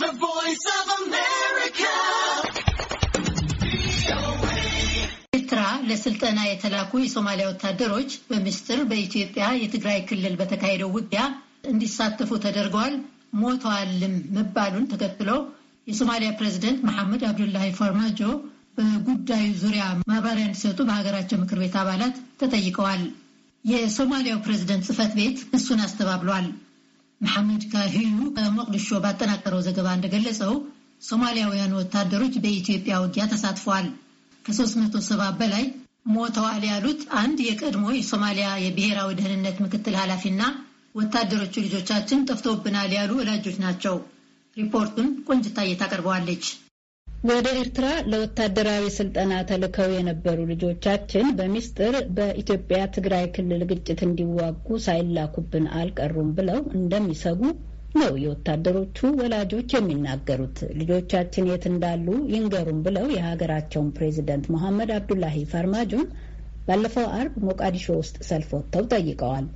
The Voice of America. ኤርትራ ለስልጠና የተላኩ የሶማሊያ ወታደሮች በምስጢር በኢትዮጵያ የትግራይ ክልል በተካሄደው ውጊያ እንዲሳተፉ ተደርገዋል፣ ሞተዋልም መባሉን ተከትሎ የሶማሊያ ፕሬዚደንት መሐመድ አብዱላሂ ፎርማጆ በጉዳዩ ዙሪያ ማብራሪያ እንዲሰጡ በሀገራቸው ምክር ቤት አባላት ተጠይቀዋል። የሶማሊያው ፕሬዚደንት ጽህፈት ቤት እሱን አስተባብሏል። መሐመድ ካሂዩ ከሞቅዲሾ ባጠናቀረው ዘገባ እንደገለጸው ሶማሊያውያን ወታደሮች በኢትዮጵያ ውጊያ ተሳትፈዋል። ሰባ በላይ ሞተዋል ያሉት አንድ የቀድሞ የሶማሊያ የብሔራዊ ደህንነት ምክትል ኃላፊና ወታደሮቹ ልጆቻችን ጠፍቶብናል ያሉ ወላጆች ናቸው። ሪፖርቱን ቆንጅታ እየታቀርበዋለች። ወደ ኤርትራ ለወታደራዊ ስልጠና ተልከው የነበሩ ልጆቻችን በሚስጥር በኢትዮጵያ ትግራይ ክልል ግጭት እንዲዋጉ ሳይላኩብን አልቀሩም ብለው እንደሚሰጉ ነው የወታደሮቹ ወላጆች የሚናገሩት። ልጆቻችን የት እንዳሉ ይንገሩም ብለው የሀገራቸውን ፕሬዚደንት መሐመድ አብዱላሂ ፋርማጆን ባለፈው አርብ ሞቃዲሾ ውስጥ ሰልፍ ወጥተው ጠይቀዋል።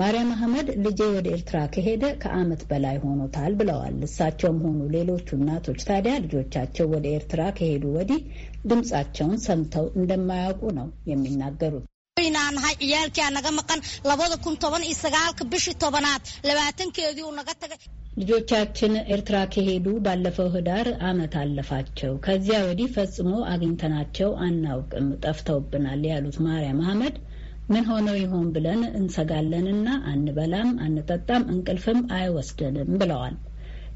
ማርያም አህመድ ልጄ ወደ ኤርትራ ከሄደ ከዓመት በላይ ሆኖታል ብለዋል። እሳቸውም ሆኑ ሌሎቹ እናቶች ታዲያ ልጆቻቸው ወደ ኤርትራ ከሄዱ ወዲህ ድምፃቸውን ሰምተው እንደማያውቁ ነው የሚናገሩት። ልጆቻችን ኤርትራ ከሄዱ ባለፈው ህዳር ዓመት አለፋቸው። ከዚያ ወዲህ ፈጽሞ አግኝተናቸው አናውቅም፣ ጠፍተውብናል ያሉት ማርያም አህመድ ምን ሆነው ይሆን ብለን እንሰጋለንና አንበላም፣ አንጠጣም፣ እንቅልፍም አይወስደንም ብለዋል።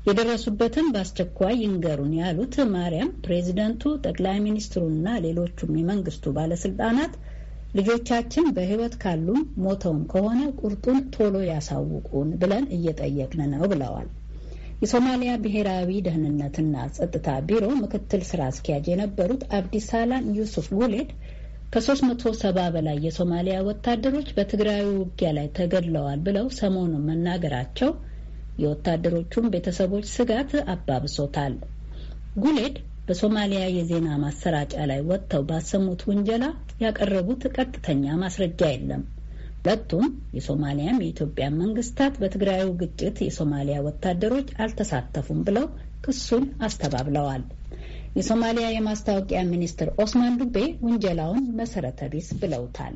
የደረሱበትን በአስቸኳይ ይንገሩን ያሉት ማርያም ፕሬዚደንቱ፣ ጠቅላይ ሚኒስትሩና ሌሎቹም የመንግስቱ ባለስልጣናት ልጆቻችን በህይወት ካሉም ሞተውም ከሆነ ቁርጡን ቶሎ ያሳውቁን ብለን እየጠየቅን ነው ብለዋል። የሶማሊያ ብሔራዊ ደህንነትና ጸጥታ ቢሮ ምክትል ስራ አስኪያጅ የነበሩት አብዲሳላም ዩሱፍ ጉሌድ ከ370 በላይ የሶማሊያ ወታደሮች በትግራዩ ውጊያ ላይ ተገድለዋል ብለው ሰሞኑን መናገራቸው የወታደሮቹን ቤተሰቦች ስጋት አባብሶታል። ጉሌድ በሶማሊያ የዜና ማሰራጫ ላይ ወጥተው ባሰሙት ውንጀላ ያቀረቡት ቀጥተኛ ማስረጃ የለም። ሁለቱም የሶማሊያም የኢትዮጵያ መንግስታት በትግራዩ ግጭት የሶማሊያ ወታደሮች አልተሳተፉም ብለው ክሱን አስተባብለዋል። የሶማሊያ የማስታወቂያ ሚኒስትር ኦስማን ዱቤ ውንጀላውን መሰረተ ቢስ ብለውታል።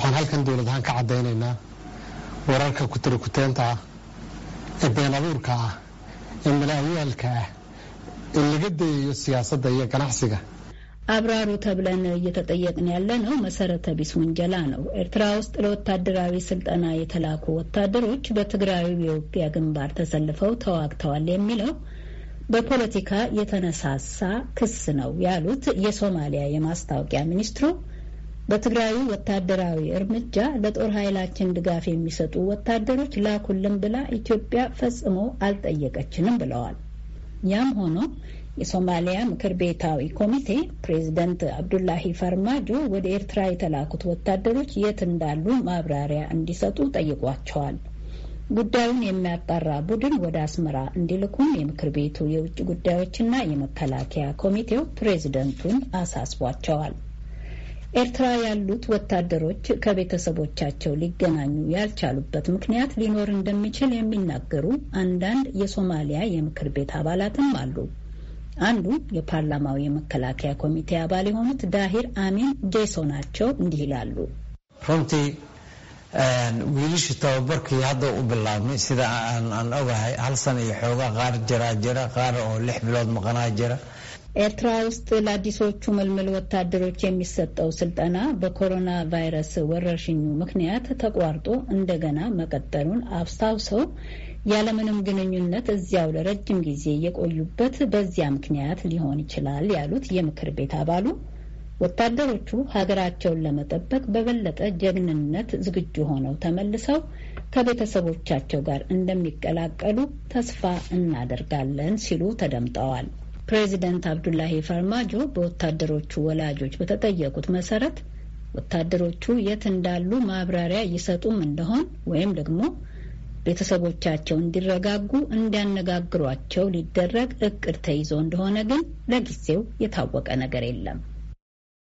ዋን ሀልከን dowladahaan ከዓደይነና ወራርከ wararka kutirikuteenta ah ee ah ee malaawiyaalka አብራሩ ተብለን እየተጠየቅን ያለነው መሰረተ ቢስ ውንጀላ ነው። ኤርትራ ውስጥ ለወታደራዊ ስልጠና የተላኩ ወታደሮች በትግራዩ የኢትዮጵያ ግንባር ተሰልፈው ተዋግተዋል የሚለው በፖለቲካ የተነሳሳ ክስ ነው ያሉት የሶማሊያ የማስታወቂያ ሚኒስትሩ በትግራዩ ወታደራዊ እርምጃ ለጦር ኃይላችን ድጋፍ የሚሰጡ ወታደሮች ላኩልን ብላ ኢትዮጵያ ፈጽሞ አልጠየቀችንም ብለዋል። ያም ሆኖ የሶማሊያ ምክር ቤታዊ ኮሚቴ ፕሬዚደንት አብዱላሂ ፈርማጆ ወደ ኤርትራ የተላኩት ወታደሮች የት እንዳሉ ማብራሪያ እንዲሰጡ ጠይቋቸዋል። ጉዳዩን የሚያጣራ ቡድን ወደ አስመራ እንዲልኩም የምክር ቤቱ የውጭ ጉዳዮችና የመከላከያ ኮሚቴው ፕሬዝደንቱን አሳስቧቸዋል። ኤርትራ ያሉት ወታደሮች ከቤተሰቦቻቸው ሊገናኙ ያልቻሉበት ምክንያት ሊኖር እንደሚችል የሚናገሩ አንዳንድ የሶማሊያ የምክር ቤት አባላትም አሉ። አንዱ የፓርላማው የመከላከያ ኮሚቴ አባል የሆኑት ዳሂር አሚን ጄሶ ናቸው። እንዲህ ይላሉ። Ehm, wiilasha tababarkii hadda u bilaabmay sida aan ogahay hal sana iyo xoogaa qaar jaraa jira qaar oo lix bilood maqanaa jira ኤርትራ ውስጥ ለአዲሶቹ ምልምል ወታደሮች የሚሰጠው ስልጠና በኮሮና ቫይረስ ወረርሽኙ ምክንያት ተቋርጦ እንደገና መቀጠሉን አስታውሰው ያለምንም ግንኙነት እዚያው ለረጅም ጊዜ የቆዩበት በዚያ ምክንያት ሊሆን ይችላል ያሉት የምክር ቤት አባሉ ወታደሮቹ ሀገራቸውን ለመጠበቅ በበለጠ ጀግንነት ዝግጁ ሆነው ተመልሰው ከቤተሰቦቻቸው ጋር እንደሚቀላቀሉ ተስፋ እናደርጋለን ሲሉ ተደምጠዋል። ፕሬዚደንት አብዱላሂ ፈርማጆ በወታደሮቹ ወላጆች በተጠየቁት መሰረት ወታደሮቹ የት እንዳሉ ማብራሪያ ይሰጡም እንደሆን ወይም ደግሞ ቤተሰቦቻቸው እንዲረጋጉ እንዲያነጋግሯቸው ሊደረግ እቅድ ተይዞ እንደሆነ ግን ለጊዜው የታወቀ ነገር የለም።